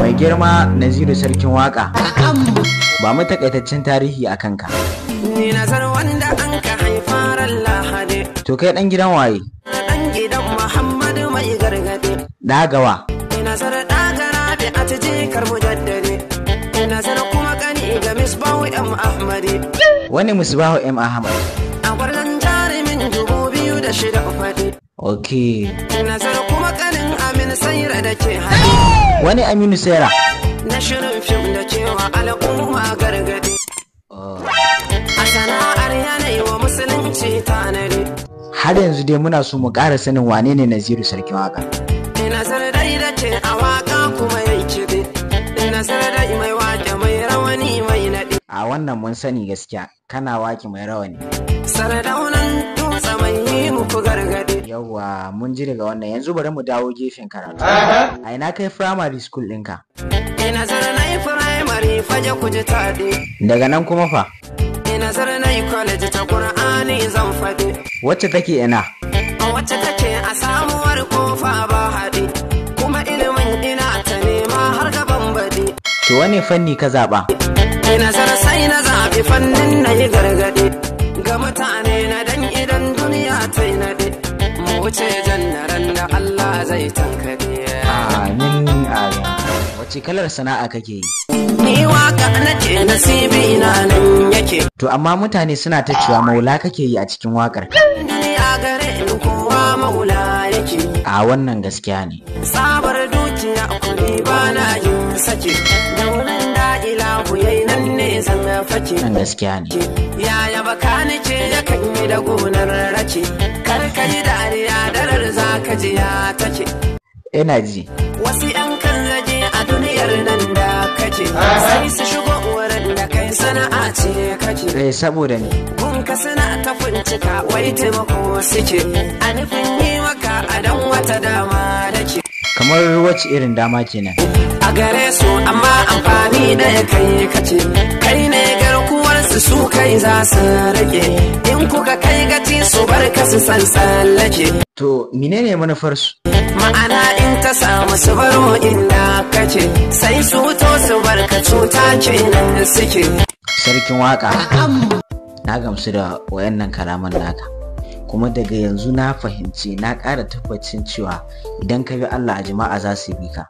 mai girma naziru sarkin waka ba mu takaitaccen tarihi a kanka ni nazar wanda an ka haifarar lahade to kai dan gidan waye dan gidan muhammadu mai gargade dagawa ni nazar dagara da a tije karbu jaddade ni nazar kuma kani ga misbahu m ahmadi wani misbahu m ahmad a gwarzan jarumin dubu biyu da shida ufadi ok ni nazar kuma kanin amin sayra da ke hada wani aminu sera na shirin fim da cewa al'umma gargadi a sana'ar yanayi wa musulunci tanadi har yanzu dai muna so mu ƙara sanin wane ne naziru sarki waka nazar dai da ce a waka kuma yayi kide nazar dai mai waƙe mai rawani mai naɗi a wannan mun sani gaskiya kana waki mai rawani saradaunan dutse mai yi muku gargadi Yawwa mun ji daga wannan yanzu bari mu dawo gefen karatu. A ina kai firamare school ɗinka? Ina zara na yi firamare faje kuji taɗe. Daga nan kuma fa? Ina zara na yi college ta Kur'ani zan faɗi. Wacce take ina? Wacce take a samuwar kofa ba haɗi. Kuma ilimin ina ta nema har gaban baɗi. To wane fanni ka zaɓa? Ina zara sai na zaɓi fannin na yi gargaɗi. Ga mutane na dan idan duniya ta yi na wuce jannaran da Allah zai tankade amin amin wace kalar sana'a kake yi ni waka nake nasibi na nan yake to amma mutane suna ta cewa maula kake yi a cikin wakar ni a gare ni kowa maula yake a wannan gaskiya ne sabar dukiya kuɗi ba na yi sake daunin da ilahu yayi nan ne zan fake nan gaskiya ne yaya baka ni kan yi da gonar rake kar ka yi dariya darar za ka ji ya take ina ji wasu yan kan rage a duniyar nan da kake sai su shigo wurin da kai sana'a ce kake eh saboda ni kun ka suna ta fincika wai taimako suke a nufin yi maka a dan wata dama da ke kamar wacce irin dama kenan a gare su amma amfani da kai kace kai ne garkuwar su su kai za su rage in kuka kai gaci su bar ka su san tsallake. To, ne manufar su? Ma'ana in ta samu su baro inda kace, sai su to su bar ka cuta ce nan suke. Sarkin Waƙa. Na gamsu da wayannan kalaman naka. kuma daga yanzu na fahimci na ƙara tabbacin cewa idan ka bi Allah a jama'a za su bi ka